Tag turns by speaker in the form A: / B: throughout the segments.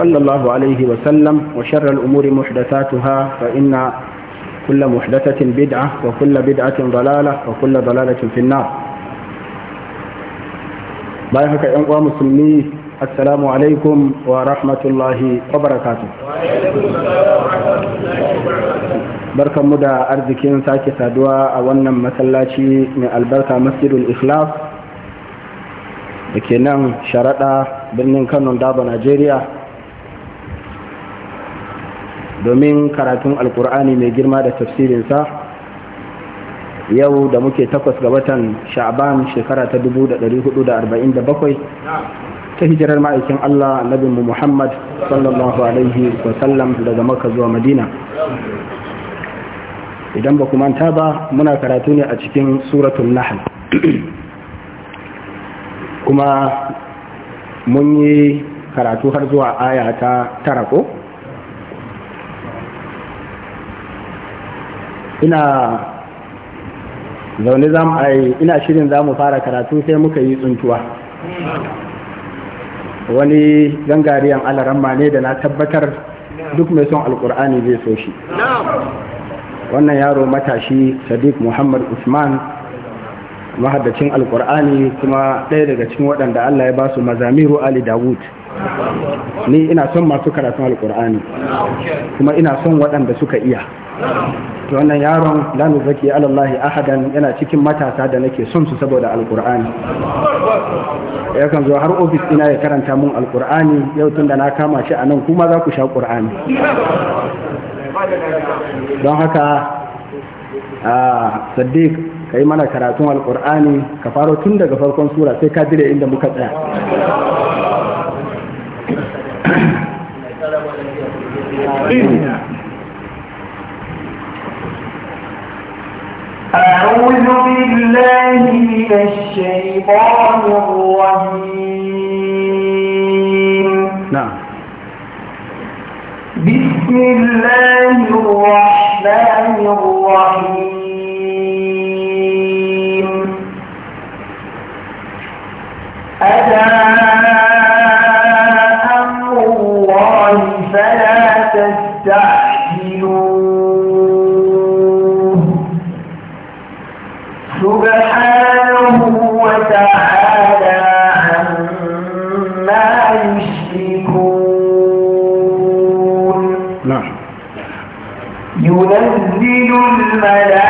A: صلى الله عليه وسلم وشر الأمور محدثاتها فإن كل محدثة بدعة وكل بدعة ضلالة وكل ضلالة في النار بايحك أنقوى مسلمي السلام عليكم ورحمة الله وبركاته barkan mu da arzikin sake saduwa a wannan masallaci mai albarka masjidul ikhlas da ke nan sharaɗa birnin kano daba najeriya domin karatun alkur'ani mai girma da tafsirinsa yau da muke takwas ga watan sha'ban shekara ta 1447 ta hijirar ma'aikin Allah annabinmu Muhammad sallallahu alaihi wasallam daga maka zuwa madina idan ba manta ba muna karatu ne a cikin suratun Nahal. kuma mun yi karatu har zuwa aya ta tara ko? ina zaune ina shirin za mu fara karatu sai muka yi tsuntuwa wani gangariyan alaramma ne da na tabbatar duk mai son alkur'ani zai so shi wannan yaro matashi sadiq muhammad usman mahaddacin alkur'ani kuma ɗaya daga cikin waɗanda allah ya ba su mazamiru ali dawud ni ina son masu karatun alkur'ani kuma ina son waɗanda suka iya to wannan yaron la zaki ala Allah ahadan yana cikin matasa da nake son su saboda alqur'ani kan zo har ofis ina ya karanta mun alqur'ani yau tunda na kama shi a nan, kuma za ku sha qur'ani
B: don haka a
A: saddiq ka yi mana karatun alkur'ani ka faro tun daga farkon sura sai ka dire inda muka tsaya
C: أعوذ بالله من الشيطان الرجيم نعم بسم الله الرحمن الرحيم أتى أمر الله فلا تستعجل ينزل الملائكة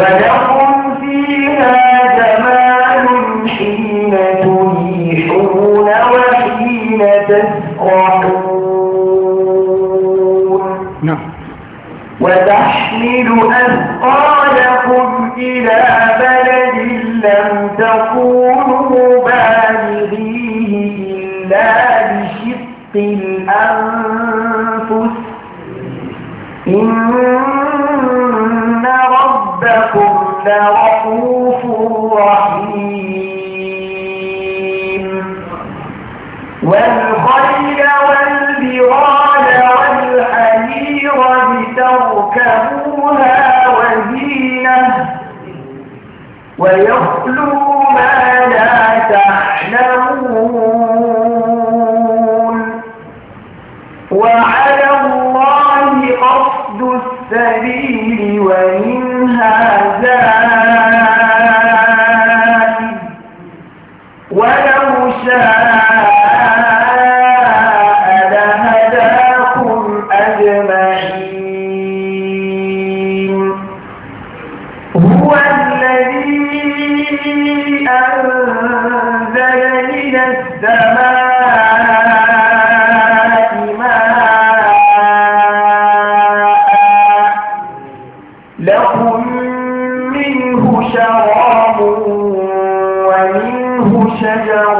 C: Gracias. لرؤوف رحيم شجر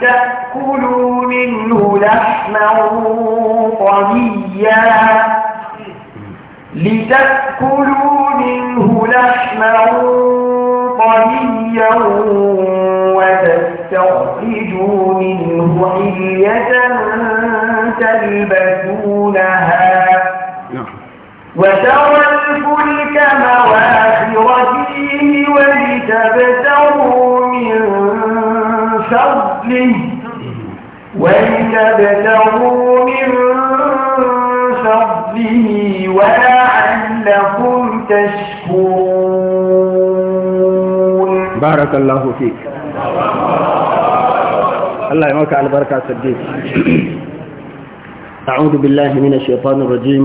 C: تأكلوا منه لحما طريا لتأكلوا منه لحما طريا وتستخرجوا منه حلية تلبسونها نعم. وترى الفلك مواخر فيه ولتبتغوا ولتبتغوا من فضله ولعلكم
A: تشكرون بارك الله فيك الله يمك على البركة الصديق أعوذ بالله من الشيطان الرجيم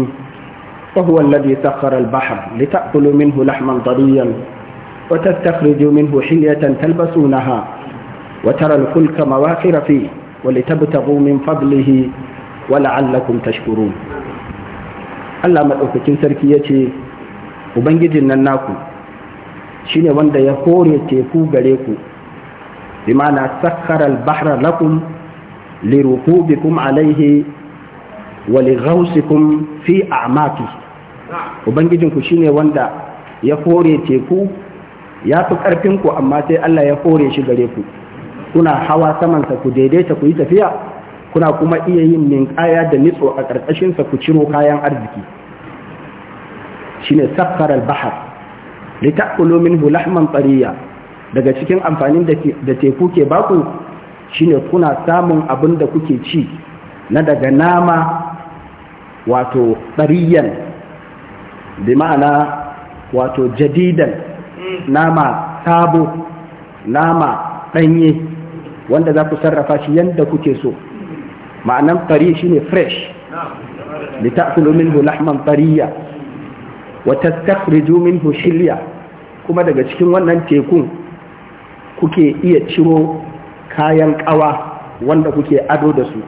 A: وهو الذي سخر البحر لتأكلوا منه لحما طريا وتستخرجوا منه حلية تلبسونها وترى الفلك مواخر فيه ولتبتغوا من فضله ولعلكم تشكرون Allah maɗaukakin sarki ya ce ubangijin nan naku shine wanda ya hore teku gare ku bi sakhara al-bahra lakum li rukubikum alayhi wa li ghawsikum fi a'maqi ubangijin ku shine wanda ya hore teku ya fi karfin amma sai Allah ya hore shi gare ku kuna hawa samansa ku daidaita ku yi tafiya kuna kuma iya yin ninkaya da nitso a sa ku ciro kayan arziki shine ne al-bahar litakulu minhu lahman tariya daga cikin amfanin da teku ke baku shine kuna samun abin da kuke ci na daga nama wato tariyan bi ma'ana wato jadidan mm. nama sabo nama ɗanye wanda za ku sarrafa shi yadda kuke so ma'anan tari ne fresh litakulu minhu lahman tariya wa min minhu shilya kuma daga cikin wannan tekun kuke iya ciro kayan kawa wanda kuke ado da su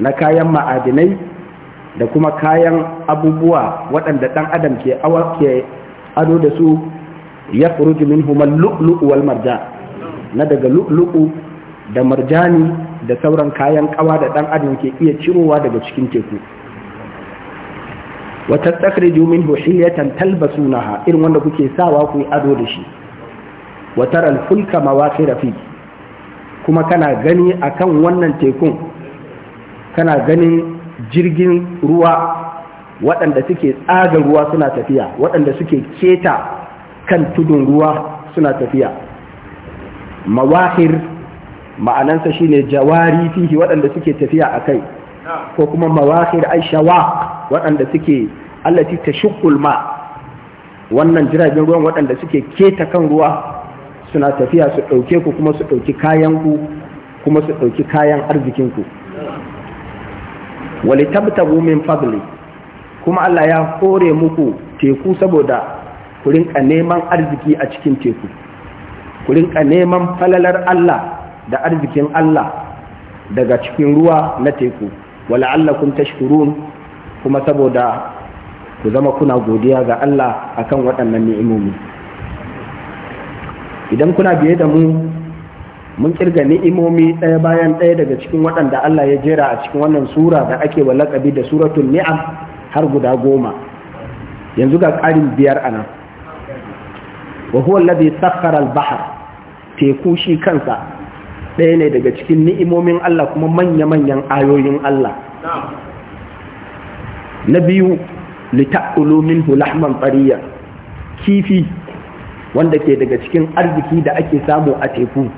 A: na kayan ma'adinai da kuma kayan abubuwa waɗanda ɗan adam ke ado da su ya furuji min hu lu'lu'u wal marja na daga lu'lu'u da marjani da sauran kayan kawa da dan adam ke iya cirowa daga cikin teku wa tastakhriju minhu hiyatan talbasunaha irin wanda kuke sawa ku yi ado da shi wa tara al-fulka mawaqira fi kuma kana gani akan wannan tekun kana ganin jirgin ruwa waɗanda suke tsaga ruwa suna tafiya waɗanda suke keta kan tudun ruwa suna tafiya mawahir ma'anansa shi ne jawari fihi waɗanda suke tafiya a kai ko kuma mawakir ai waɗanda suke allati ta ma wannan jiragen ruwan waɗanda suke keta kan ruwa suna tafiya su ɗauke ku kuma su ɗauki kayan ku kuma su ɗauki kayan arzikin wali tabtabu min fadli kuma Allah ya kore muku teku saboda ku rinka neman arziki a cikin teku ku rinka neman falalar Allah da arzikin Allah daga cikin ruwa na teku wala'allakum tashkurun kuma saboda ku zama kuna godiya ga Allah akan waɗannan ni'imomi idan kuna biye da mu mun kirga ni'imomi ɗaya bayan ɗaya daga cikin waɗanda Allah ya jera a cikin wannan sura da ake wa laƙabi da suratul ni'am har guda goma yanzu ga ƙarin biyar a nan wa huwa allazi sakhara al-bahr teku shi kansa ɗaya ne daga cikin ni'imomin Allah kuma manya-manyan ayoyin Allah na biyu lita'ulu minhu hulahman fariya kifi wanda ke daga cikin arziki da ake samu a teku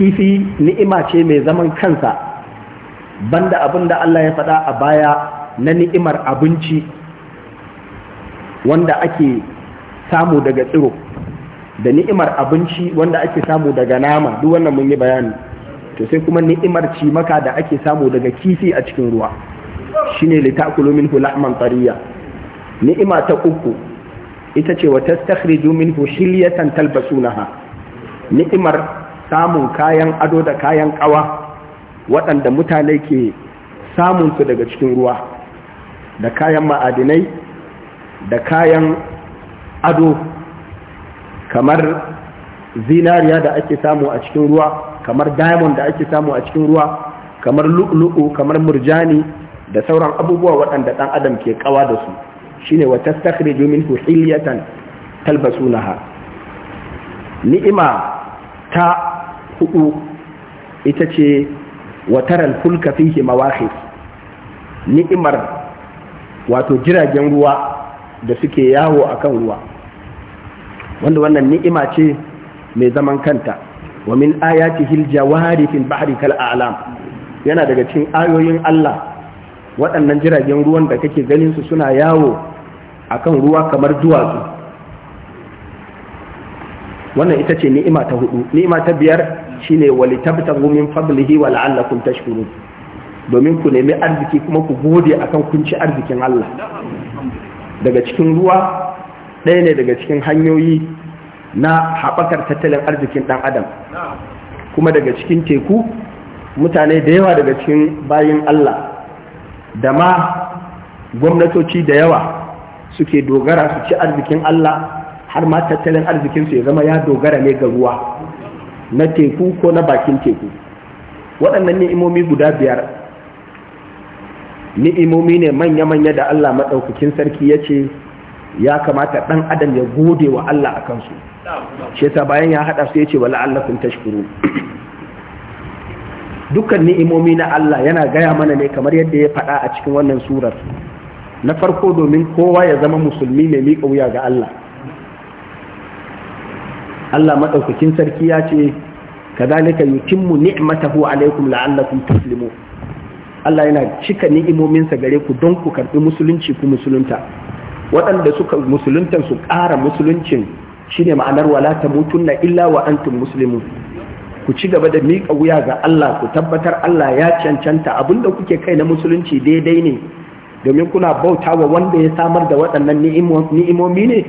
A: kifi ni'ima ce mai zaman kansa banda abin da Allah ya faɗa a baya na ni'imar abinci wanda ake samu daga tsiro da ni'imar abinci wanda ake samu daga nama duk wannan mun yi bayani to sai kuma ni'imar cimaka da ake samu daga kifi a cikin ruwa shine ta'kulu minhu lahman tariya ni'ima ta uku ita ce wa tastakhriju minhu shilyatan talbasunaha ni'imar samun kayan ado da kayan kawa waɗanda mutane ke samun su daga cikin ruwa da kayan ma'adinai da kayan ado kamar zinariya da ake samu a cikin ruwa kamar diamond da ake samu a cikin ruwa kamar lu'lu'u kamar murjani da sauran abubuwa waɗanda ɗan adam ke kawa da su shine wa tastakhriju minhu hilyatan talbasunaha ni'ima ta hudu ita ce wa taral fulka fihi mawakhis ni'imar wato jiragen ruwa da suke yawo a kan ruwa wanda wannan ni'ima ce mai zaman kanta wa min hilja jawari fil bahri kal a'lam yana daga cikin ayoyin Allah waɗannan jiragen ruwan da kake ganin su suna yawo akan ruwa kamar duwatsu wannan ita ce ni'ima ta hudu ni'ima ta biyar shine walitabtagu min fadlihi wa la'allakum tashkurun domin ku nemi arziki kuma ku gode akan kunci arzikin Allah daga cikin ruwa ɗaya ne daga cikin hanyoyi na haɓakar tattalin arzikin ɗan adam kuma daga cikin teku mutane da yawa daga cikin bayin Allah da ma gwamnatoci da yawa suke dogara su ci arzikin Allah har ma tattalin arzikinsu ya zama ya dogara ne ga ruwa na teku ko na bakin teku waɗannan ni'imomi guda biyar ni'imomi ne manya-manya da Allah maɗaukakin sarki ya ce ya kamata ɗan adam ya gode wa Allah a kansu. shi ta bayan ya haɗa, su ya ce wala allakum tashkuru dukkan ni'imomi na Allah yana gaya mana ne kamar yadda ya faɗa a cikin wannan surar na farko domin kowa ya zama musulmi mai miƙa wuya ga Allah Allah maɗaukakin sarki ya ce kadhalika yutimmu ni'matahu alaikum la'allakum tuslimu Allah yana cika ni'imominsa gare ku don ku karɓi musulunci ku musulunta waɗanda suka musuluntan su ƙara musuluncin shine ma'anar wala ta mutunna illa wa antum ku ci gaba da miƙa wuya ga Allah ku tabbatar Allah ya cancanta abinda kuke kai na musulunci daidai ne domin kuna bauta wa wanda ya samar da waɗannan ni'imomi ne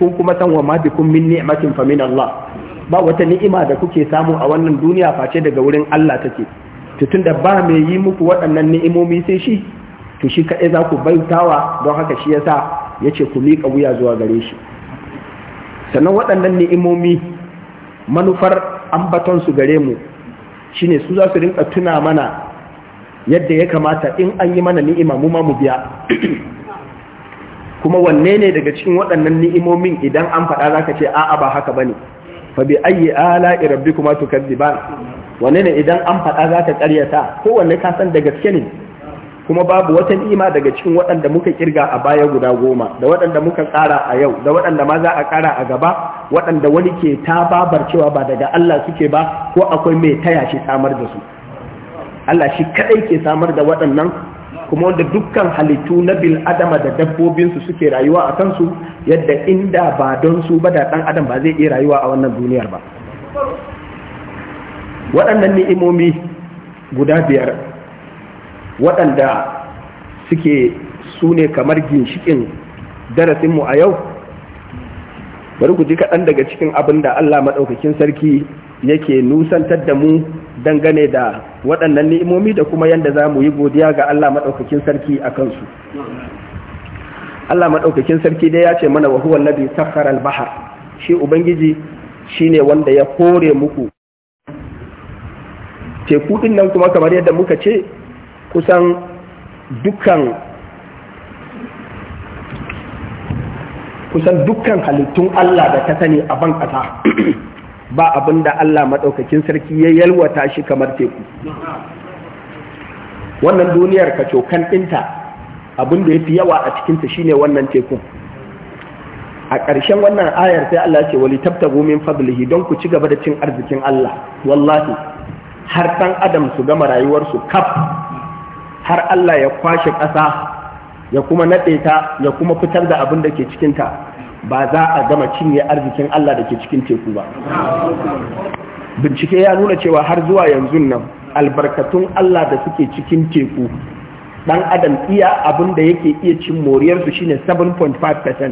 A: ko kuma san wa ma bikum min ni'matin fa Allah ba wata ni'ima da kuke samu a wannan duniya face daga wurin Allah take to tunda ba mai yi muku waɗannan ni'imomi sai shi to shi kaɗai za ku bautawa don haka shi yasa Ya ce ku miƙa wuya zuwa gare shi sannan waɗannan ni'imomi manufar ambaton su gare mu shi ne su za su rinka tuna mana yadda ya kamata in an yi mana ni'ima mu ma mu biya kuma wanne ne daga cikin waɗannan ni'imomin idan an faɗa ka ce a'a ba haka ba ne. fa bi ayyi ala'i rabbikuma tukadziban wanne ne idan an faɗa zaka ƙaryata ko wanne ka san da gaske ne kuma babu wata ni'ima daga cikin waɗanda muka kirga a baya guda goma da waɗanda muka ƙara a yau da waɗanda ma za a ƙara a gaba waɗanda wani ke ta babar cewa ba daga Allah suke ba ko akwai mai taya shi samar da su Allah shi kadai ke samar da waɗannan kuma wanda dukkan halittu na bil adama da dabbobinsu suke rayuwa a kansu yadda inda ba don su ba da ɗan adam ba zai iya rayuwa a wannan duniyar ba waɗannan ni'imomi guda biyar waɗanda suke su ne kamar ginshikin darasinmu a yau bari ku ji kaɗan daga cikin abin da Allah maɗaukakin sarki yake nusantar da mu dangane da waɗannan ni'imomi da kuma yadda za mu yi godiya ga Allah maɗaukakin sarki a kansu. Allah maɗaukakin sarki dai ya ce mana wa huwa nabi sakhara al-bahar shi ubangiji shine wanda ya kore muku teku din nan kuma kamar yadda muka ce kusan dukkan kusan dukkan halittun Allah da ta sani a ban ƙasa ba abin da Allah maɗaukakin sarki ya yalwata shi kamar teku wannan duniyar ka cokan ɗinta abin da ya fi yawa a cikinta shine wannan tekun a ƙarshen wannan ayar sai Allah ce wali tabta min fadlihi don ku ci gaba da cin arzikin Allah wallahi har ɗan adam su gama rayuwarsu kaf har Allah ya kwashe ƙasa ya kuma naɗe ta ya kuma fitar da abin da ke cikinta ba za a gama cinye arzikin Allah da ke cikin teku ba bincike ya nuna cewa har zuwa yanzu nan albarkatun Allah da suke cikin teku ɗan adam iya abin da yake iya cin moriyarsu shine 7.5%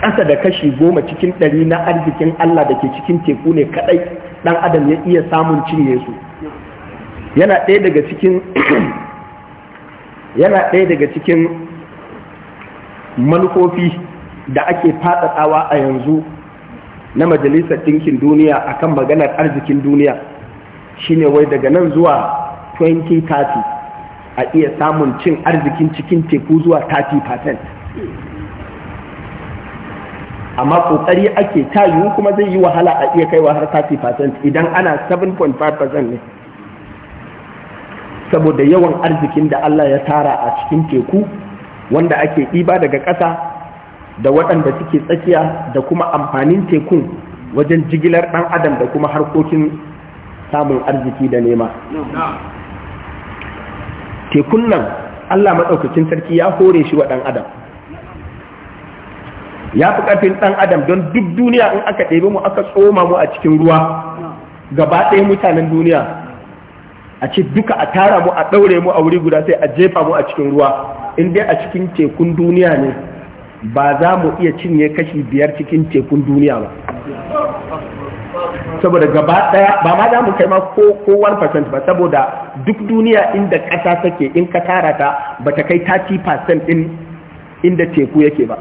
A: ƙasa da kashi goma cikin ɗari na arzikin Allah da ke cikin teku ne kaɗai ɗan adam ya iya samun cinye su yana ɗaya daga cikin yana ɗaya daga cikin manufofi da ake faɗaɗawa a yanzu na majalisar ɗinkin duniya akan maganar arzikin duniya shine wai daga nan zuwa 2030 a iya samun cin arzikin cikin teku zuwa 30% amma ƙoƙari ake tayu kuma zai yi wahala a iya kaiwa har 30% idan ana 7.5% ne saboda yawan arzikin da Allah ya tara a cikin teku wanda ake ɗiba daga ƙasa da waɗanda suke tsakiya da kuma amfanin tekun wajen jigilar ɗan adam da kuma harkokin samun arziki da nema tekun nan Allah matsaukacin sarki ya hore shi wa ɗan adam ya fi ƙarfin ɗan adam don duk duniya in aka ɗebe mu aka tsoma mu a cikin ruwa gaba ɗaya mutanen duniya a ce duka a tara mu a ɗaure mu a wuri guda sai a jefa mu a cikin ruwa in dai a cikin tekun duniya ne ba za mu iya cinye kashi biyar cikin tekun duniya ba
B: saboda gaba ɗaya ba
A: ma za mu kai ma ko ko 1% ba saboda duk duniya inda ƙasa take in ka tara ta ba ta kai 30% din inda teku yake ba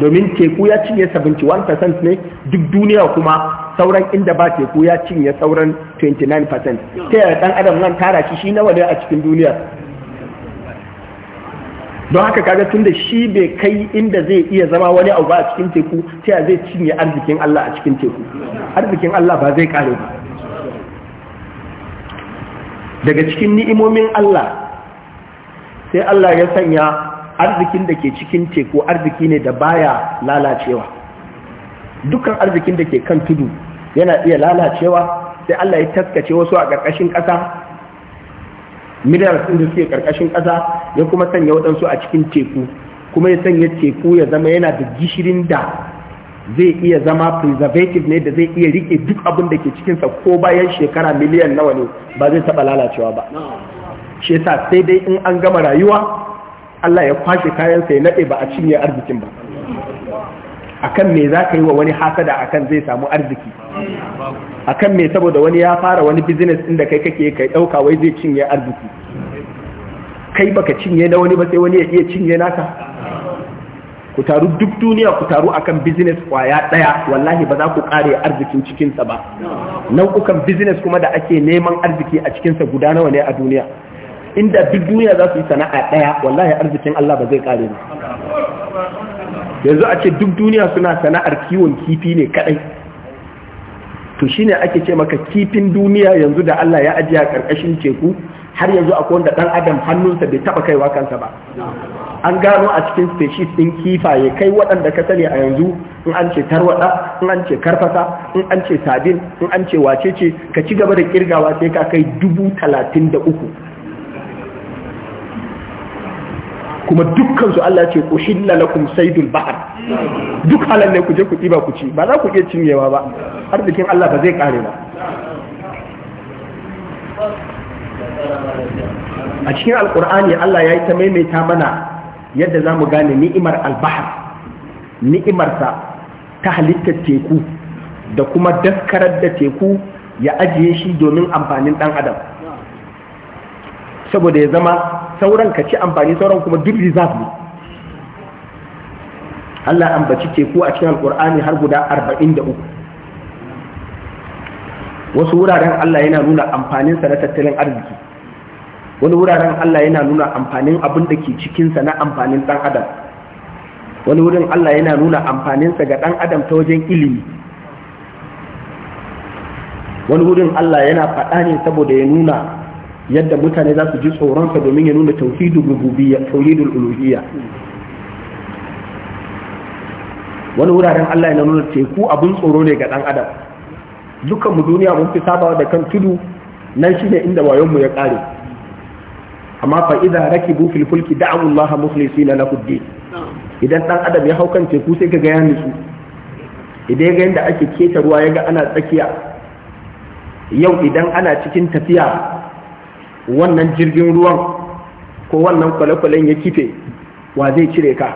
A: domin teku ya cinye 71% ne duk duniya kuma sauran inda ba teku ya cinye sauran 29% ta yaya dan adam nan tara shi shi nawa ne a cikin duniya don haka kaga tun da shi bai kai inda zai iya zama wani abu ba a cikin teku ta zai cinye arzikin Allah a cikin teku arzikin Allah ba zai kare ba daga cikin ni'imomin Allah sai Allah ya sanya arzikin da ke cikin teku arziki ne da baya lalacewa dukkan arzikin da ke kan tudu yana iya lalacewa sai Allah ya taskace wasu a ƙarƙashin ƙasa minerals ɗin da suke ƙarƙashin ƙasa ya kuma sanya waɗansu a cikin teku kuma ya sanya teku ya zama yana da gishirin da zai iya zama preservative ne da zai iya rike duk abin da ke cikinsa ko bayan shekara miliyan nawa ne ba zai taɓa lalacewa ba shi yasa sai dai in an gama rayuwa Allah ya kwashe kayansa ya naɗe ba a cinye arzikin ba akan me za ka yi wa wani hasada akan zai samu arziki akan me saboda wani ya fara wani business da kai kake kai dauka wai zai cinye arziki kai baka cinye na wani ba sai wani ya iya cinye naka ku taru duk duniya ku taru akan business kwaya daya wallahi ba za ku kare arzikin cikinsa ba nau'ukan business kuma da ake neman arziki a cikinsa guda nawa ne a duniya inda duk duniya za su yi sana'a daya wallahi arzikin Allah ba zai kare ba yanzu a ce duk duniya suna sana'ar kiwon kifi ne kadai to shine ake ce maka kifin duniya yanzu da Allah ya ajiye a karkashin teku har yanzu akwai wanda dan adam hannunsa bai taba kaiwa kansa ba an gano a cikin species din kifaye kai waɗanda ka sani a yanzu in an ce tarwada in an ce karfasa in an ce sadin in an ce wacece ka ci gaba da kirgawa sai ka kai dubu talatin da uku kuma dukkan su Allah ce ku hilla lakum saydul bahr duk halan ne ku je ku ɗiba ku ci ba za ku iya cinyewa ba Har kin Allah ba zai kare ba a cikin alkur'ani Allah ya yi ta maimaita mana yadda za mu gane ni'imar albahar ni'imarsa ta halittar teku da kuma daskarar da teku ya ajiye shi domin amfanin ɗan adam saboda ya zama sauran ka ci amfani sauran kuma duk reserve ne Allah ambaci teku a cikin alkur'ani har guda 43 wasu wuraren Allah yana nuna amfaninsa na tattalin arziki wani wuraren Allah yana nuna amfanin abin da ke cikinsa na amfanin ɗan adam wani wurin Allah yana nuna amfaninsa ga ɗan adam ta wajen ilimi wani wurin Allah yana faɗa ne saboda ya nuna yadda mutane za su ji tsoronsa domin ya nuna tauhidul rububiyya tauhidul uluhiyya wani wuraren Allah ya nuna teku abin tsoro ne ga dan adam dukkan mu duniya mun fi sabawa da kan tudu nan shine inda wayon mu ya kare amma fa idza rakibu fil fulki da'u Allah mukhlisina lahu idan dan adam ya hau kan teku sai ga ya nutsu idan ga yadda ake keta ruwa ya ga ana tsakiya yau idan ana cikin tafiya wannan jirgin ruwan ko wannan kwale-kwalen ya kife wa zai cire ka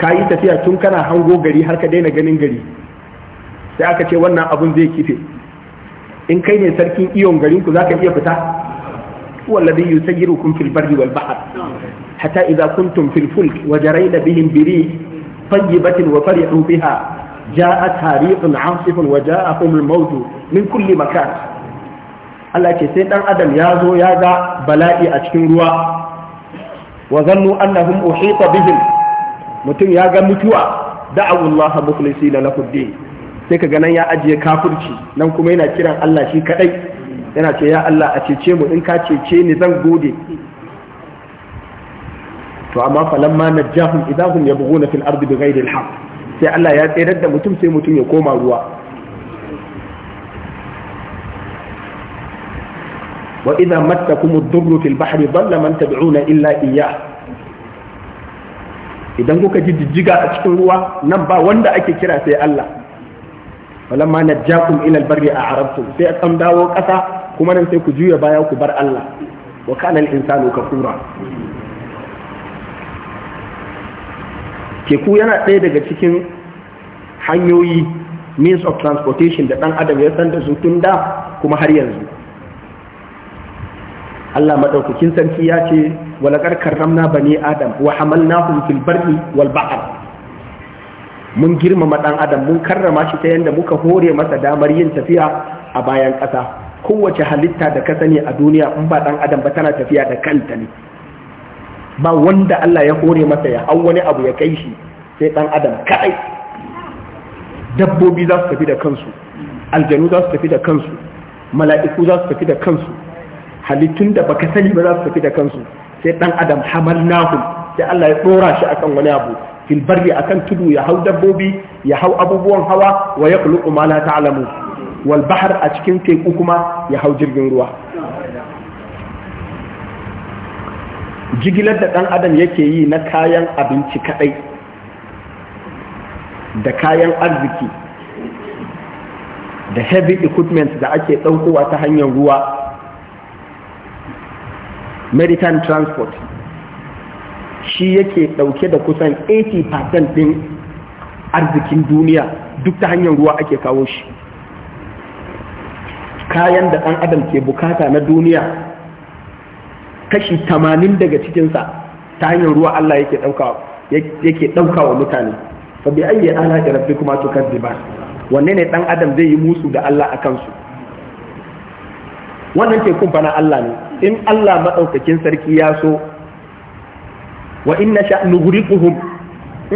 A: ka yi tafiya tun kana hango gari har ka daina ganin gari sai aka ce wannan abun zai kife in kai ne sarkin iyon garin ku ka iya fita wallazi kun fil barri wal bahr hatta idza kuntum fil fulk wa jarayna bihim biri rih wa farihu biha ja'a tariqun 'asifun wa a al mawt min kulli makan Allah ce sai dan adam ya zo ya ga bala'i a cikin ruwa wa zannu annahum uhita bihim mutum ya ga mutuwa da'awu Allah mukhlisi lahu din sai ka ganan ya ajiye kafirci nan kuma yana kiran Allah shi kadai yana ce ya Allah a cece mu in ka cece ni zan gode to amma falamma najahum idahum yabghuna fil ardi bighayri al-haq sai Allah ya tsayar da mutum sai mutum ya koma ruwa wa idza mattakum ad-durru fil bahri dhalla man tad'una illa iyyah idan kuka ji jijjiga a cikin ruwa nan ba wanda ake kira sai Allah falamma najjakum ila al-barri a'rabtum sai a kan dawo ƙasa kuma nan sai ku juya baya ku bar Allah wa kana al-insanu kafura teku yana ɗaya daga cikin hanyoyi means of transportation da ɗan adam ya san da su tun da kuma har yanzu Allah maɗaukakin sarki ya ce walaqad karramna bani adam wa hamalnahum fil barri wal bahr mun girmama ɗan adam mun karrama shi ta yanda muka hore masa damar yin tafiya a bayan ƙasa kowace halitta da ka sani a duniya in ba ɗan adam ba tana tafiya da kanta ne ba wanda Allah ya hore masa ya hau wani abu ya kai shi sai ɗan adam kaɗai, dabbobi za su tafi da kansu aljanu za su tafi da kansu mala'iku za su tafi da kansu halittun da baka sani ba za su tafi da kansu sai dan adam hamalnahu sai Allah ya dora shi akan wani abu fil barri akan tudu ya hau dabbobi ya hau abubuwan hawa wa yakhluqu ma la ta'lamu wal bahr a cikin teku kuma ya hau jirgin ruwa jigilar da ɗan adam yake yi na kayan abinci kaɗai da kayan arziki da heavy equipment da ake ɗaukowa ta hanyar ruwa maritime transport shi yake dauke da kusan 80% din arzikin duniya duk ta hanyar ruwa ake kawo shi kayan da ɗan adam ke bukata na duniya kashi 80 daga cikinsa ta hanyar ruwa Allah yake ɗauka wa mutane fa bi ayyi ala rabbi kuma wanne ne ɗan adam zai yi musu da Allah a kansu wannan tekun bana Allah ne in Allah maɗaukakin sarki ya so wa inna sha nughriquhum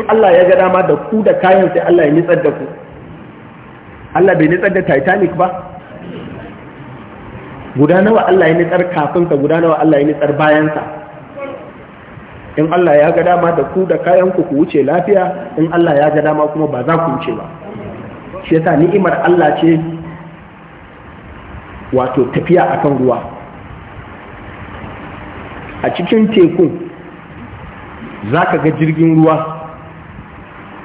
A: in Allah ya ga dama da ku da kayan sai Allah ya nitsar da ku Allah bai nitsar da Titanic ba guda nawa Allah ya nitsar kafin sa guda nawa Allah ya nitsar bayan sa in Allah ya ga dama da ku da kayan ku ku wuce lafiya in Allah ya ga dama kuma ba za ku wuce ba shi yasa ni'imar Allah ce wato tafiya akan ruwa a cikin tekun za ka ga jirgin ruwa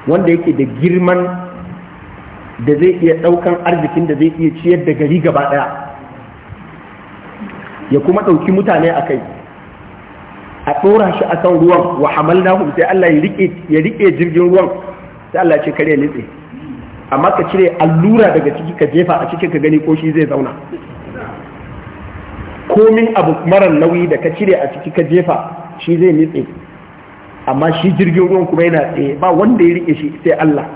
A: wanda yake da girman da zai iya ɗaukan arzikin da zai iya ciyar da gari gaba ɗaya ya kuma ɗauki mutane a kai a tsora shi a kan ruwan wa hu sai Allah ya riƙe jirgin ruwan sai Allah ce kare nitse amma ka cire allura daga ciki ka jefa a cikin ka gani ko shi zai zauna komin abu marar nauyi da ka cire a ciki ka jefa shi zai nitse amma shi jirgin ruwan kuma yana tsaye ba wanda ya rike shi sai Allah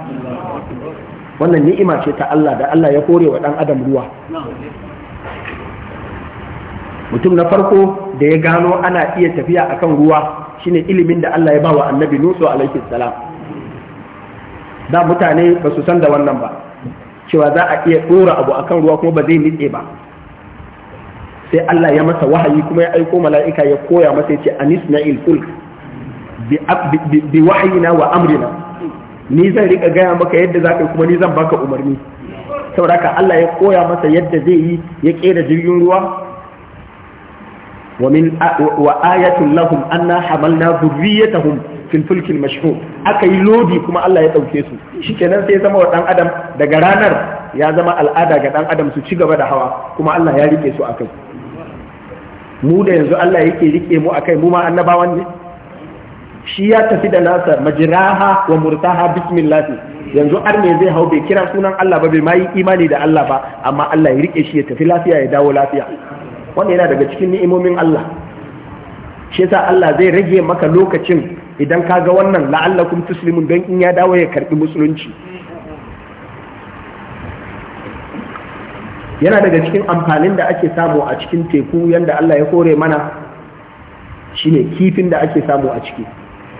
A: wannan ni'ima ce ta Allah da Allah ya kore wa dan adam ruwa mutum na farko da ya gano ana iya tafiya akan ruwa shine ilimin da Allah ya ba wa annabi Nusu alaihi salam da mutane ba su san da wannan ba cewa za a iya dora abu akan ruwa kuma ba zai nitse ba sai Allah ya masa wahayi kuma ya aiko mala'ika ya koya masa ya ce anis na bi wahayina wa amrina ni zan rika gaya maka yadda za ka kuma ni zan baka umarni saboda ka Allah ya koya masa yadda zai yi ya kera jirgin ruwa wa min wa ayatul lahum anna hamalna dhurriyyatahum fil fulki mashhur aka yi lodi kuma Allah ya dauke su shikenan sai zama wa dan adam daga ranar ya zama al'ada ga dan adam su ci gaba da hawa kuma Allah ya rike su akai mu da yanzu Allah yake rike mu akai mu ma annabawan ne shi ya tafi da nasa majiraha wa murtaha bismillah yanzu har ne zai hau bai kira sunan Allah ba bai ma yi imani da Allah ba amma Allah ya rike shi ya tafi lafiya ya dawo lafiya wanda yana daga cikin ni'imomin Allah shi yasa Allah zai rage maka lokacin idan ka ga wannan la'allakum tuslimun don in ya dawo ya karbi musulunci yana daga cikin amfanin da ake samu a cikin teku yanda Allah ya kore mana shine kifin da ake samu a ciki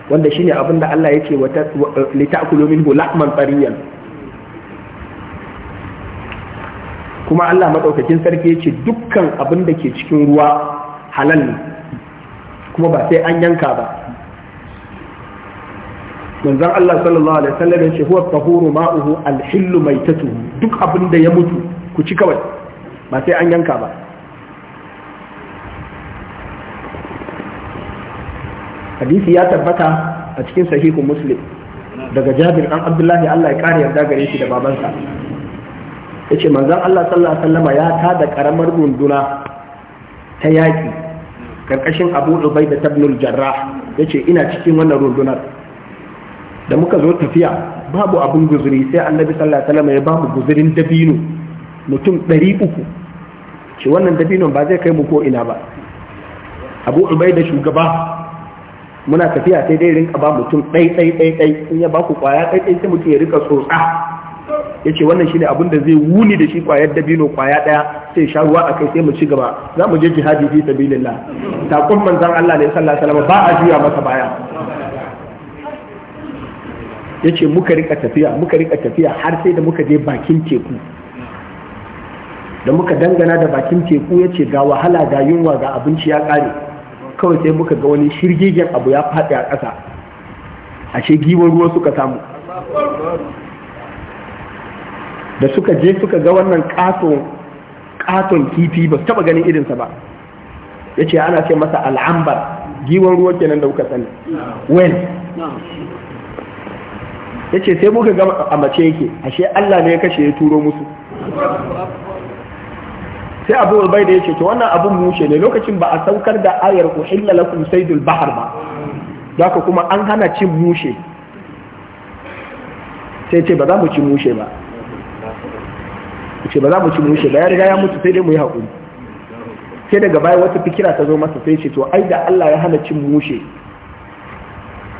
A: wanda shine abin da Allah ya ce wata litakulu minhu lahman tariyan kuma Allah madaukakin sarki yace dukkan abin da ke cikin ruwa halal ne kuma ba sai an yanka ba manzon Allah sallallahu alaihi wasallam ce huwa tahuru ma'uhu al-hillu maitatuhu duk abin da ya mutu ku ci kawai ba sai an yanka ba hadisi ya tabbata a cikin sahihun muslim daga jabir dan abdullahi Allah ya kare yarda gare shi da babansa yace manzon Allah sallallahu alaihi wasallam ya tada karamar runduna ta yaki karkashin Abu da ibn al-Jarrah yace ina cikin wannan rundunar da muka zo tafiya babu abin guzuri sai Annabi sallallahu alaihi wasallam ya bamu guzurin dabino mutum ɗari uku ce wannan dabinon ba zai kai mu ko ina ba abu ubai da shugaba muna tafiya sai dai rinka ba mutum ɗai ɗai ɗai ɗai in ya ba ku kwaya ɗai ɗai sai mutum ya rika tsotsa ya ce wannan shine abin da zai wuni da shi kwayar dabino kwaya ɗaya sai sha ruwa a kai sai mu ci gaba za mu je jihadi fi sabilillah takun manzon Allah ne sallallahu alaihi wasallam ba a juya masa baya ya ce muka rika tafiya muka rika tafiya har sai da muka je bakin teku da muka dangana da bakin teku ya ce ga wahala ga yunwa ga abinci ya kare kawai sai muka ga wani shirgegen abu ya faɗi a ƙasa ashe giwon ruwa suka samu da suka je suka ga wannan ƙaton kifi ba su taɓa ganin irinsa ba ya ce ana ce masa al'ambar giwon ruwa kenan da kuka sani well ya ce sai muka ga a mace yake ashe allah ne ya kashe ya turo musu sai abu ubaida ya ce to wannan abun mushe ne lokacin ba a saukar da ayar uhilla lakum saydul bahar ba zaka kuma an hana cin mushe sai ce ba za mu ci mushe ba ce ba za mu ci mushe ba ya riga ya mutu sai dai mu yi haƙuri sai daga baya wata fikira ta zo masa sai ce to ai da Allah ya hana cin mushe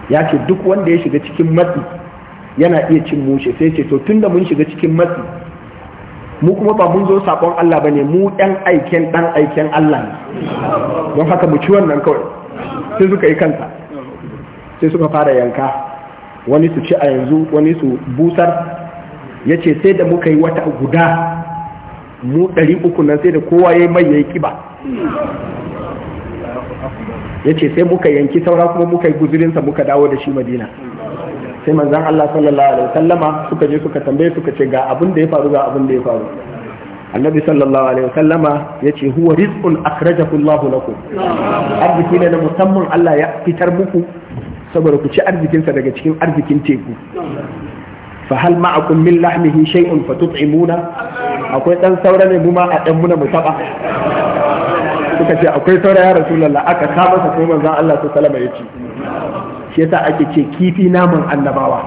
A: ya ce duk wanda ya shiga cikin matsi yana iya cin mushe sai ce to tunda mun shiga cikin matsi mu kuma ba mun zo sabon Allah bane mu ɗan aiken ɗan aiken Allah ne don haka mu ci wannan kawai sai suka yi kansa sai suka fara yanka wani su ci a yanzu wani su busar ya ce sai da muka yi wata guda mu ɗari uku nan sai da kowa ya yi mai ya yi ƙiba ya ce sai muka yanki saura kuma muka yi guzurinsa muka dawo da shi madina sai manzon Allah sallallahu alaihi wasallama suka je suka tambaye suka ce ga abin da ya faru ga abin da ya faru annabi sallallahu alaihi wasallama yace huwa rizqun akhrajahu Allah lakum arziki ne na musamman Allah ya fitar muku saboda ku ci arzikinsa daga cikin arzikin teku fa hal ma'akum min lahmihi shay'un fatut'imuna akwai dan saura ne mu a dan muna mu taba suka ce akwai saura ya rasulullah aka kama sa sai manzon Allah sallallahu alaihi wasallama yace shi yasa ake ce kifi naman annabawa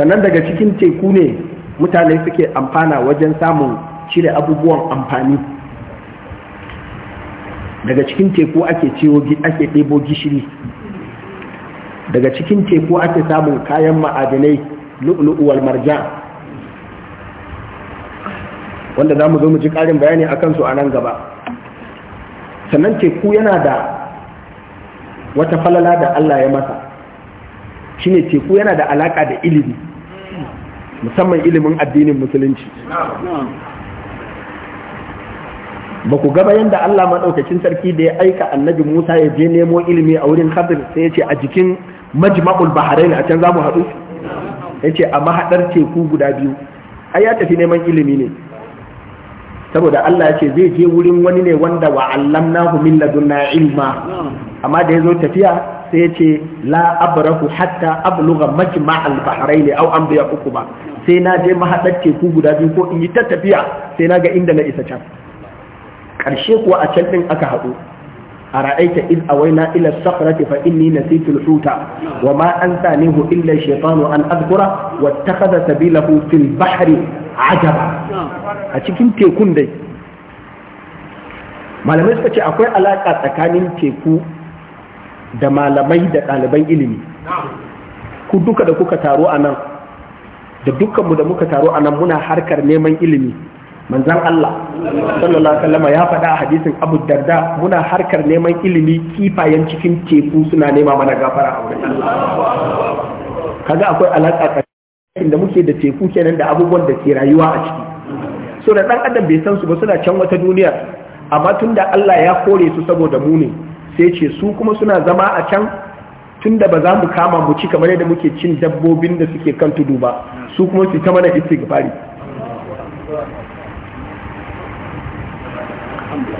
A: sannan daga cikin teku ne mutane suke amfana wajen samun cire abubuwan amfani daga cikin teku ake ake ɗebo gishiri daga cikin teku ake samun kayan ma'adinai lu'lu'uwal marja, wanda za mu zo mu ji ƙarin bayani a kansu a nan gaba sannan teku yana da wata falala da Allah ya masa Shi ne teku yana da alaƙa da ilimi musamman ilimin addinin musulunci ba ku gaba yadda Allah maɗaukacin sarki da ya aika annabi Musa ya je nemo ilimi a wurin kabir sai ya ce a jikin majma'ul baharai a can za mu haɗu ya ce a mahaɗar teku guda biyu ai ya tafi neman ilimi ne saboda Allah ya ce zai je wurin wani ne wanda wa allamnahu min ladunna ilma amma da yazo tafiya sai ya ce la abrahu hatta ablugha majma'al al-bahrayn aw uku ba sai na je mahadar teku guda biyu ko in yi ta tafiya sai na ga inda na isa can karshe kuwa a can din aka haɗu أرأيت إذ أوينا إلى الصخرة فإني نسيت الحوت وما أنسانيه إلا الشيطان أن أذكره واتخذ سبيله في البحر عجبا أتكين تيكون دي malamai suka ce akwai alaƙa tsakanin teku da malamai da ɗaliban ilimi ku duka da kuka taro a da dukkanmu da muka taru a nan muna harkar neman ilimi manzan Allah sallallahu alaihi ya faɗa a hadisin Abu Darda muna harkar neman ilimi kifayen cikin teku suna nema mana gafara a wurin Allah kaga akwai alaka tsakanin da muke da teku kenan da abubuwan da ke rayuwa a ciki so da dan adam bai san su ba suna can wata duniya amma tunda Allah ya kore su saboda mu ne sai ce su kuma suna zama a can tunda ba za mu kama mu ci kamar yadda muke cin dabbobin da suke kan tudu ba su kuma su ta mana istighfari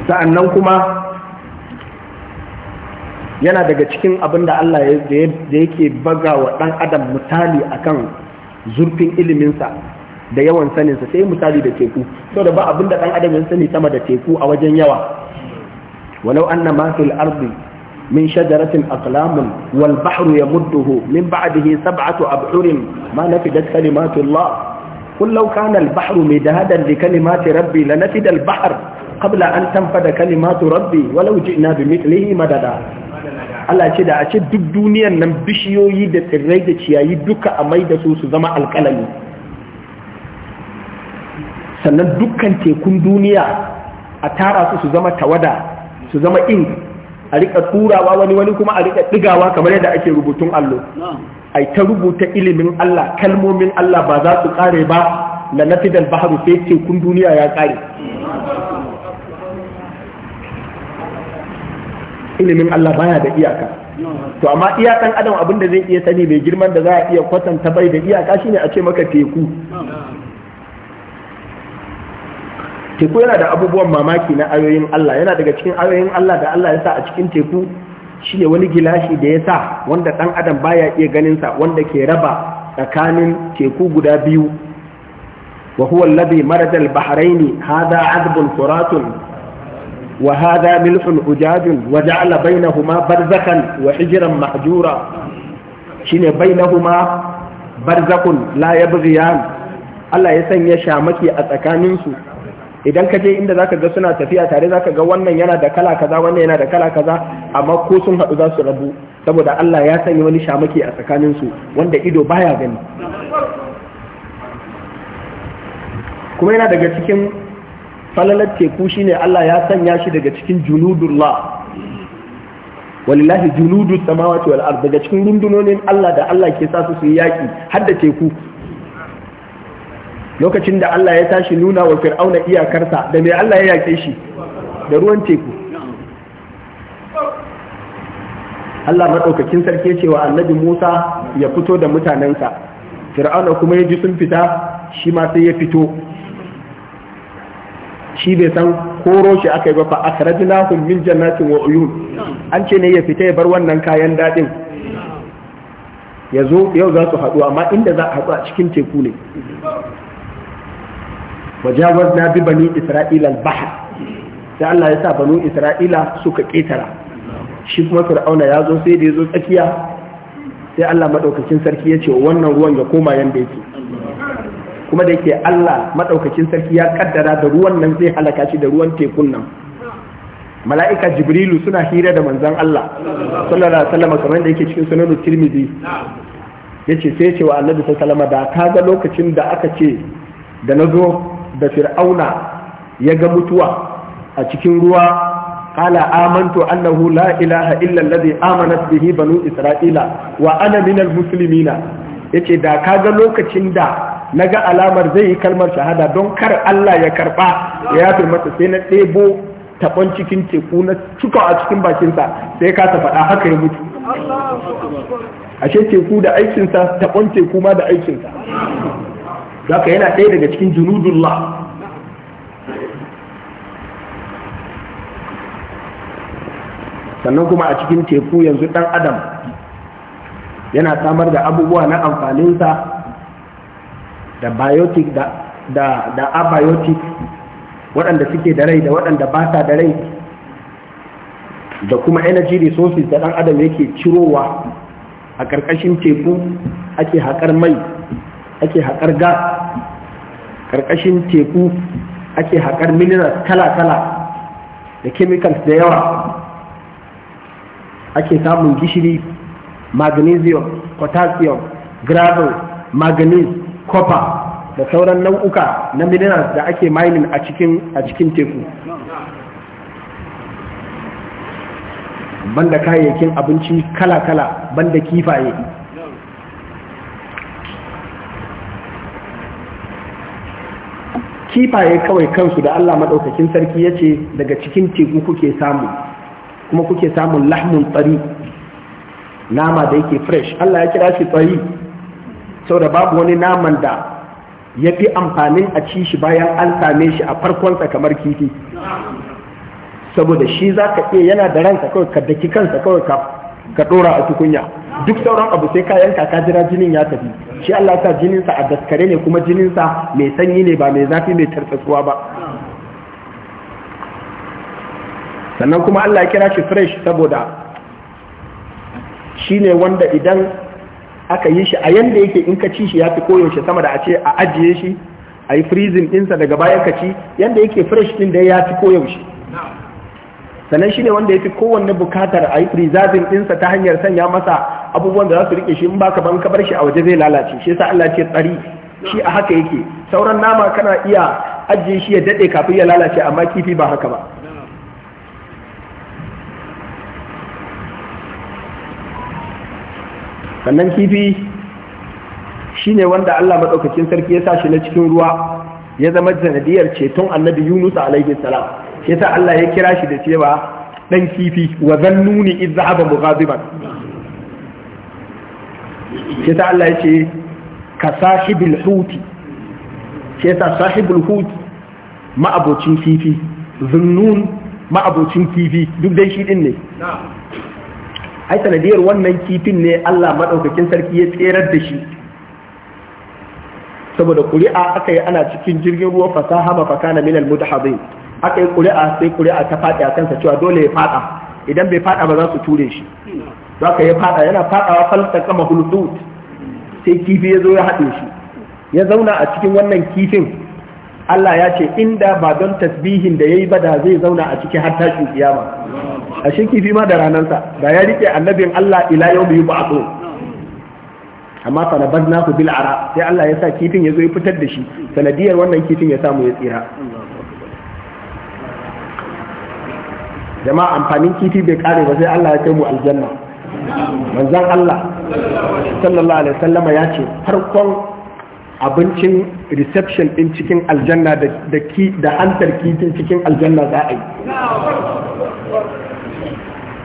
A: sa'annan kuma yana daga cikin abin da Allah da yake baga wa ɗan adam misali akan zurfin iliminsa da yawan saninsa sai misali da teku Sau da ba abin da ɗan adam ya sani sama da teku a wajen yawa walau anna ma fil ardi min shajaratin aqlamun wal bahru yamudduhu min ba'dihi sab'atu abhurin ma nafidat kalimatullah qul law kana al bahru midadan li kalimati rabbi lanafida al bahr qabla an tanfada kalimatu rabbi walau ji'na bi madada Allah ce da a ce duk duniyan nan bishiyoyi da tsirrai da ciyayi duka a mai da su su zama alƙalami sannan dukkan tekun duniya a tara su su zama tawada su zama ink a rika turawa wani wani kuma a rika digawa kamar yadda ake rubutun allo ai ta rubuta ilimin Allah kalmomin Allah ba za su kare ba la nafidal bahru sai tekun duniya ya kare ilimin Allah baya da iyaka to amma iyakan adam abin da zai iya sani mai girman da za a iya kwatanta bai da iyaka shine a ce maka teku teku yana da abubuwan mamaki na ayoyin Allah yana daga cikin ayoyin Allah da Allah ya sa a cikin teku shine wani gilashi da ya sa wanda dan adam baya iya ganin sa wanda ke raba tsakanin teku guda biyu wa huwa alladhi marada al hadha 'adbun وهذا ملح أجاج وجعل بينهما برزخا وحجرا محجورا شين بينهما برزخ لا يبغيان Allah ya sanya shamaki a tsakaninsu idan ka je inda zaka ga suna tafiya tare zaka ga wannan yana da kala kaza wannan yana da kala kaza amma ko sun hadu za su rabu saboda Allah ya sanya wani shamaki a tsakaninsu wanda ido baya gani kuma yana daga cikin falalar teku shi ne Allah ya sanya shi daga cikin junudullah walillahi junudu samawati wal ard daga cikin rundunonin Allah da Allah ke sa su su yaki har da teku lokacin da Allah ya tashi nuna wa fir'auna iyakarsa da mai Allah ya yake shi da ruwan teku Allah madaukakin sarki ce wa annabi Musa ya fito da mutanensa fir'auna kuma ya ji sun fita shi ma sai ya fito shi bai san koro shi aka yi ba fa akhrajnahum min jannatin wa uyun an ce ne ya fita ya bar wannan kayan dadin yazo yau za su haɗu amma inda za a haɗu a cikin teku ne wajawazna bi bani isra'ila al-bahr sai Allah ya sa banu isra'ila suka ketara shi kuma fir'auna ya zo sai da ya zo tsakiya sai Allah madaukakin sarki ya ce wannan ruwan ya koma yanda yake kuma da yake Allah madaukakin sarki ya kaddara da ruwan nan zai halaka shi da ruwan tekun nan mala'ika jibrilu suna hira da manzon Allah sallallahu alaihi wasallam kamar da yake cikin sunan tirmidhi yace sai ce wa annabi sallallahu da ka ga lokacin da aka ce da nazo da fir'auna ya ga mutuwa a cikin ruwa qala amantu annahu la ilaha illa alladhi amanat bihi banu isra'ila wa ana minal muslimina yace da ka ga lokacin da na ga alamar zai yi kalmar shahada don kar Allah ya karɓa ya yafe masa sai na ɗebo taɓon cikin teku na cuka a cikin bakinsa sai ka ta faɗa haka ya mutu ashe teku da aikinsa taɓon teku ma da aikinsa Za ka yana ɗaya daga cikin junudullah sannan kuma a cikin teku yanzu ɗan adam yana samar da abubuwa na amfaninsa da biotic da da da abiotic waɗanda suke da rai da waɗanda ba sa da rai da kuma energy resources da ɗan adam yake cirowa a ƙarƙashin teku ake haƙar mai ake haƙar gas ƙarƙashin teku ake haƙar minerals kala-kala da chemicals da yawa ake samun gishiri magnesium potassium gravel manganese copper da sauran nau'uka na minerals da ake mining a cikin a cikin teku banda kayayyakin abinci kala-kala banda kifaye kifaye kawai kansu da Allah maɗaukakin sarki ya ce daga cikin teku kuke samu kuma kuke samun lahmun tsari nama da yake fresh Allah ya kira shi tsari saboda babu wani naman da ya fi amfanin a ci shi bayan an same shi a farkonsa kamar kifi saboda shi za ka iya yana da ranka kawai ka daki kansa kawai ka ɗora a tukunya duk sauran abu sai kayan kaka ka jira jinin ya tafi shi Allah sa jininsa a daskare ne kuma jininsa mai sanyi ne ba mai zafi mai tartasuwa ba sannan kuma Allah ya kira shi fresh saboda shi ne wanda idan aka yi shi a yanda yake in ka ci shi ya fi koyaushe sama da a ce a ajiye shi a yi freezing ɗinsa daga bayan ka ci yanda yake fresh ɗin da ya fi koyaushe sannan shi ne wanda ya fi kowanne bukatar a yi freezing ɗinsa ta hanyar sanya masa abubuwan da za su rike shi in baka ban ka bar shi a waje zai lalace shi yasa Allah ce tsari shi a haka yake sauran nama kana iya ajiye shi ya daɗe kafin ya lalace amma kifi ba haka ba sannan kifi shine wanda Allah maɗaukacin sarki ya sa shi na cikin ruwa ya zama zanadiyar ceton annabi Yunus alaihi salam shi sa Allah ya kira shi da cewa ɗan kifi wa zannuni idh zahaba mughadiban Ya sa Allah ya ce ka sahibul huti Ya sa sahibul huti ma'abocin kifi zunnun ma'abocin kifi duk dai shi ɗin ne ai sanadiyar wannan kifin ne Allah maɗaukakin sarki ya tserar da shi saboda ƙuri'a aka yi ana cikin jirgin ruwa fasaha na minal mutahabin aka yi ƙuri'a sai ƙuri'a ta faɗi a kansa cewa dole ya faɗa idan bai faɗa ba za su ture shi za ka yi faɗa yana faɗawa falsa kama hulɗut sai kifi ya zo ya haɗe shi ya zauna a cikin wannan kifin Allah ya ce inda ba don tasbihin da yi ba da zai zauna a ciki har tashin kiyama a shi kifi ma da ranansa Ba ya rike annabin Allah ila yau yi ba so amma fa na bazna ku bil ara sai Allah ya sa kifin ya zo ya fitar da shi sanadiyar wannan kifin ya samu ya tsira jama'a amfanin kifi bai kare ba sai Allah ya kai mu aljanna manzon Allah sallallahu alaihi wasallama ya ce farkon abincin reception din cikin aljanna da ki da hantar kitin cikin aljanna za a yi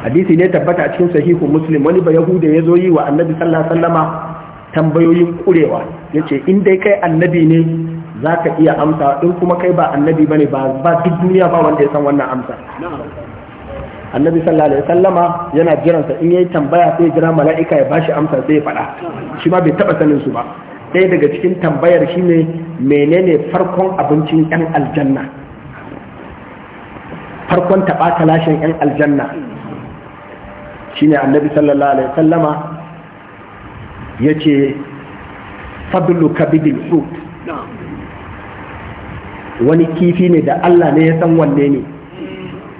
A: hadisi ne tabbata a cikin sahihu muslim wani ba yahuda ya zo yi wa annabi sallallahu alaihi wasallama tambayoyin kurewa yace in dai kai annabi ne zaka iya amsa in kuma kai ba annabi bane ba ba duk duniya ba wanda ya san wannan amsa annabi sallallahu alaihi sallama yana jiransa in yayi tambaya sai jira mala'ika ya bashi amsa sai ya faɗa shi ma bai taɓa sanin su ba ɗaya daga cikin tambayar shine menene farkon abincin 'yan aljanna farkon taɓa kalashin 'yan aljanna shi ne annabi sallallahu alaihi sallama ya ce fadlu kabidin hut wani kifi ne da allah ne ya san wanne ne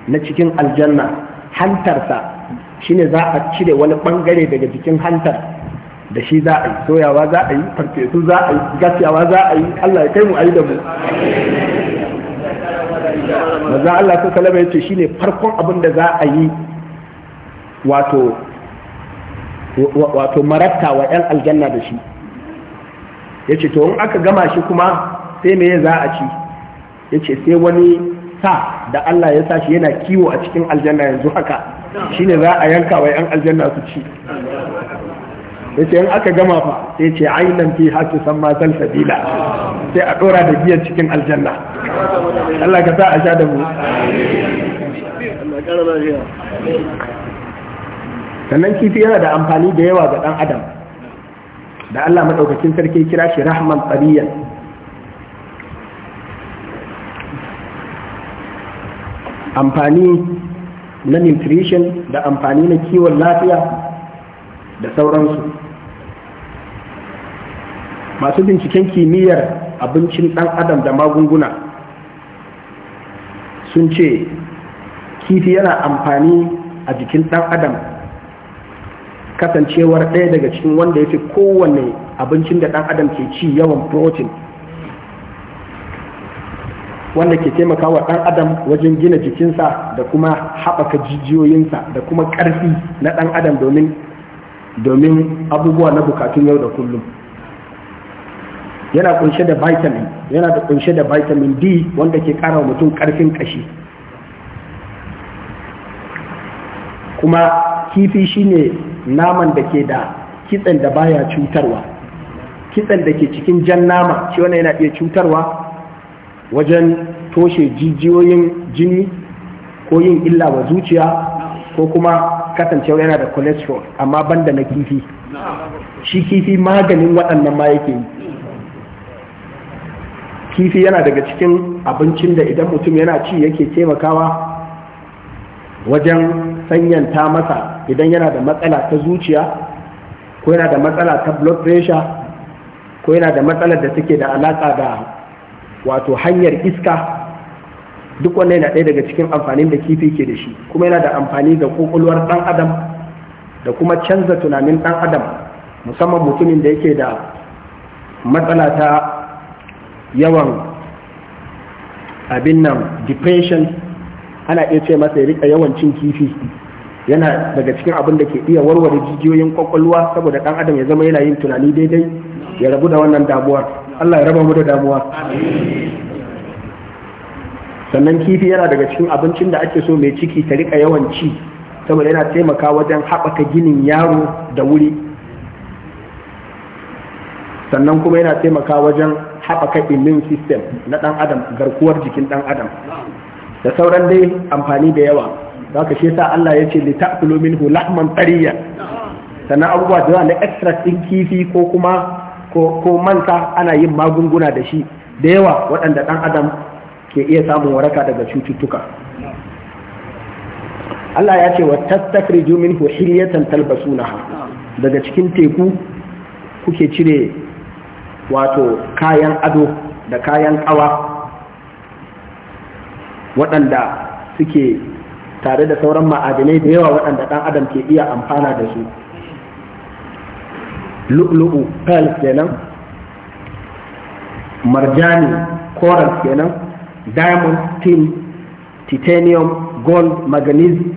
A: na cikin aljanna hantarsa shi ne za a cire wani ɓangare daga jikin hantar da shi za a yi soyawa za a yi farfesu za a yi gasyawa za a yi Allah ya kai mu ayi da mu maza Allah ta salama yace ne farkon abin da za a yi wato wato maratta wa yan aljanna da shi Ya ce to in aka gama shi kuma sai me za a ci Ya ce sai wani sa da Allah ya sa shi yana kiwo a cikin aljanna yanzu haka Shi ne za a yanka wa yan aljanna su ci yace in aka gama fa sai ce ainan fi haki san ma zal sabila sai a dora da giyar cikin aljanna Allah ka sa a sha da mu sannan kifi yana da amfani da yawa ga dan adam da Allah madaukakin sarki kira shi rahman tsariyan amfani na nutrition da amfani na kiwon lafiya da sauransu masu binciken kimiyyar abincin ɗan adam da magunguna sun ce kifi yana amfani a jikin ɗan adam kasancewar ɗaya daga cikin wanda ya fi kowane abincin da ɗan adam ke ci yawan protein wanda ke taimakawa ɗan adam wajen gina jikinsa da kuma haɓaka jijiyoyinsa da kuma ƙarfi na ɗan adam domin abubuwa na bukatun yau da kullum yana kunshe da vitamin yana da kunshe da vitamin D wanda ke kara mutum karfin kashi kuma kifi shine naman da ke da kitsen da baya cutarwa kitsen da ke cikin jan nama shi wannan yana iya cutarwa wajen toshe jijiyoyin jini ko yin illa wa zuciya ko kuma kasancewa yana da cholesterol amma banda na kifi shi kifi maganin waɗannan ma yake yi kifi yana daga cikin abincin da idan mutum yana ci yake taimakawa wajen sanyanta masa idan yana da matsala ta zuciya ko yana da matsala ta blood pressure ko yana da matsalar da take da alaƙa da wato hanyar iska duk wannan yana ɗaya daga cikin amfanin da kifi ke da shi kuma yana da amfani ga ƙwaƙwalwar ɗan adam da kuma canza tunanin ɗan adam musamman mutumin da yake da matsala ta yawan abin nan depression ana iya ce masa ya rika yawan cin kifi yana daga cikin abin da ke iya warware jijiyoyin kwakwalwa saboda dan adam ya zama yana yin tunani daidai ya rabu da wannan damuwar Allah ya raba mu da damuwa sannan kifi yana daga cikin abincin da ake so mai ciki ta rika yawan ci saboda yana taimaka wajen haɓaka ginin yaro da wuri sannan kuma yana taimaka wajen haɓaka immune system na ɗan adam garkuwar jikin ɗan adam da sauran dai amfani da yawa za ka sa Allah ya ce min hula lahman tsariya sannan abubuwa da yawa na extra ɗin kifi ko kuma ko manta ana yin magunguna da shi da yawa waɗanda ɗan adam ke iya samun waraka daga cututtuka Allah ya ce wa tattakhriju minhu hiliyatan talbasunaha daga cikin teku kuke cire wato kayan ado da kayan ƙawa waɗanda suke tare da sauran ma'adinai da yawa waɗanda ɗan adam ke iya amfana da su lu'lu'u pearl kenan marjani coral kenan diamond tin, titanium gold magnesium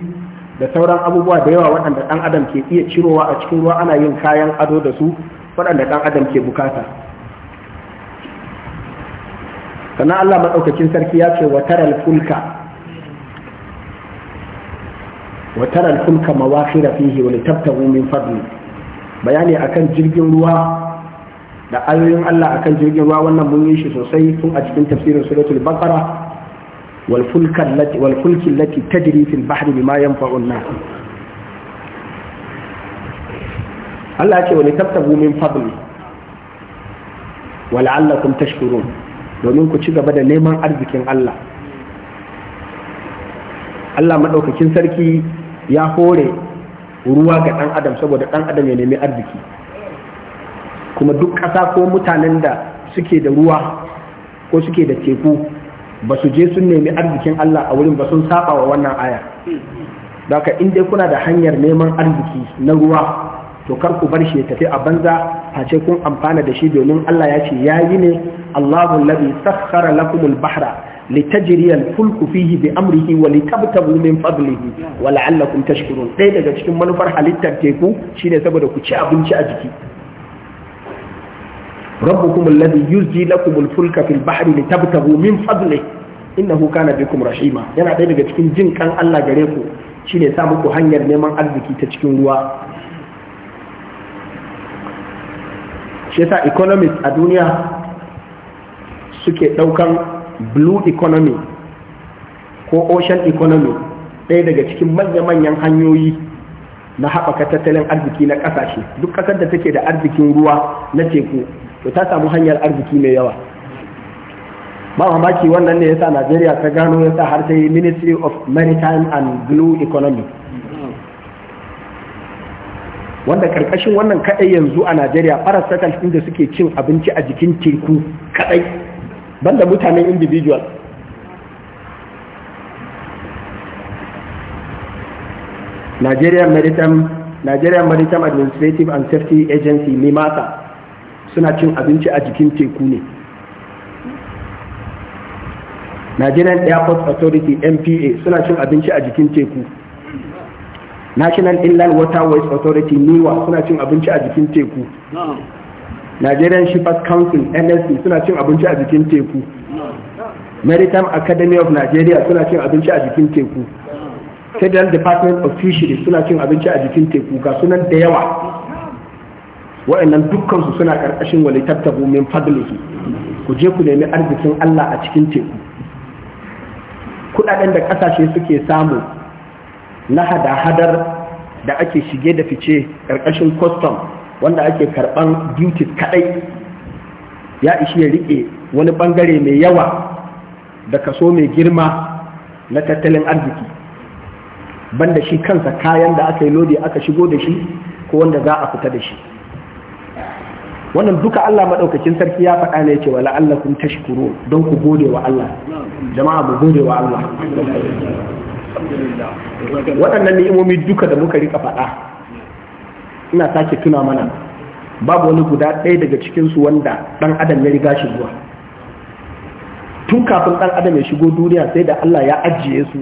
A: da sauran abubuwa da yawa waɗanda ɗan adam ke iya cirowa a cikin ruwa ana yin kayan ado da su waɗanda ɗan adam ke bukata sannan Allah maɗaukakin sarki ya ce wa tara alfulka fulka mawakhira fihi wa litabtaghu min fadli bayani akan jirgin ruwa da ayoyin Allah akan jirgin ruwa wannan mun yi shi sosai tun a cikin tafsirin suratul baqara wal fulka allati wal fulki allati tajri fil bahri bima yanfa'u an-nas Allah ya ce wa litabtaghu min fadli wa tashkurun domin ku ci gaba da neman arzikin Allah Allah maɗaukakin sarki ya hore ruwa ga ɗan adam saboda ɗan adam ya nemi arziki kuma duk ƙasa ko mutanen da suke da ruwa ko suke da teku ba su je sun nemi arzikin Allah a wurin ba sun saba wa wannan aya. Daka in dai kuna da hanyar neman arziki na ruwa to kar ku bar shi ya tafi a banza face kun amfana da shi domin Allah ya ce ya yi ne Allahu alladhi sakhkhara lakum al-bahra litajriya al-fulku fihi bi amrihi wa litabtagu min fadlihi wa la'allakum tashkurun dai daga cikin manufar halittar teku shine saboda ku ci abinci a jiki rabbukum alladhi yuzji lakum al-fulka fil bahri litabtagu min fadlihi kana bikum rahima yana ɗaya daga cikin jin kan Allah gare ku shine sa muku hanyar neman arziki ta cikin ruwa shi yasa a duniya suke ɗaukan blue economy ko ocean economy ɗaya daga cikin manya-manyan hanyoyi na haɓaka tattalin arziki na ƙasashe duk ƙasar da take da arzikin ruwa na teku to ta samu hanyar arziki mai yawa ba mamaki wannan ne yasa najeriya ta gano yasa har ta yi ministry of maritime and blue economy wanda karkashin wannan kadai yanzu a Najeriya parasitals inda suke cin abinci a jikin teku kadai banda mutanen individual Nigerian Maritime Nigerian Maritime Administrative and Safety Agency NIMASA suna cin abinci a jikin teku ne Nigerian Airport Authority NPA suna cin abinci a jikin teku national inland waterways authority niwa suna cin abinci a jikin teku nigerian shippers council nsc suna cin abinci a jikin teku maritime academy of nigeria suna cin abinci a jikin teku federal department of fisheries suna cin abinci a jikin teku ga sunan da yawa wa'annan dukkansu suna karkashin wale tattabo min fadlihi ku je ku nemi arzikin allah a cikin teku kudaden da kasashe suke samu na hada-hadar da ake shige da fice ƙarƙashin custom wanda ake karɓan duties kaɗai ya ishi ya riƙe wani ɓangare mai yawa da kaso mai girma na tattalin arziki banda shi kansa kayan da aka yi lodi aka shigo da shi ko wanda za a fita da shi wannan duka Allah maɗaukakin sarki ya faɗa ne cewa la'allakum tashkuru don ku gode wa Allah jama'a ku gode wa Allah waɗannan ni'imomi duka da muka rika faɗa ina sake tuna mana babu wani guda ɗaya daga cikinsu wanda ɗan adam ya riga shi zuwa tun kafin ɗan adam ya shigo duniya sai da Allah ya ajiye su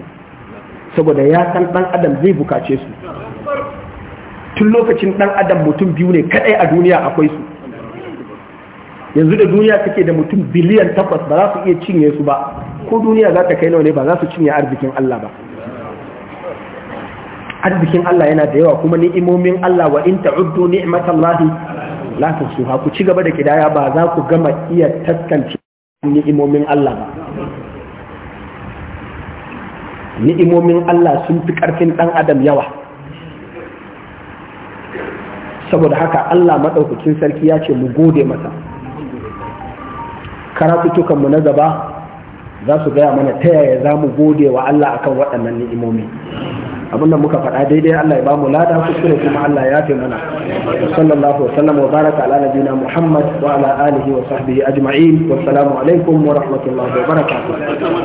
A: saboda ya san ɗan adam zai bukace su tun lokacin ɗan adam mutum biyu ne kaɗai a duniya akwai su yanzu da duniya take da mutum biliyan takwas ba za su iya cinye su ba ko duniya za ta kai nawa ne ba za su cinye arzikin Allah ba arzikin Allah yana da yawa kuma ni'imomin Allah wa in ta'uddu ni'matallahi la tusuha ku ci gaba da kidaya ba za ku gama iya taskance ni'imomin Allah ba ni'imomin Allah sun fi karfin dan adam yawa saboda haka Allah madaukakin sarki ya ce mu gode masa karatutukan mu na gaba za su gaya mana ta yaya za mu gode wa Allah akan waɗannan ni'imomi abinda muka faɗa daidai Allah ya bamu lada kuskure kuma Allah ya fi mana sallallahu wasallam wa baraka ala nabiyina Muhammad wa ala alihi wa sahbihi ajma'in wassalamu alaikum wa rahmatullahi wa barakatuh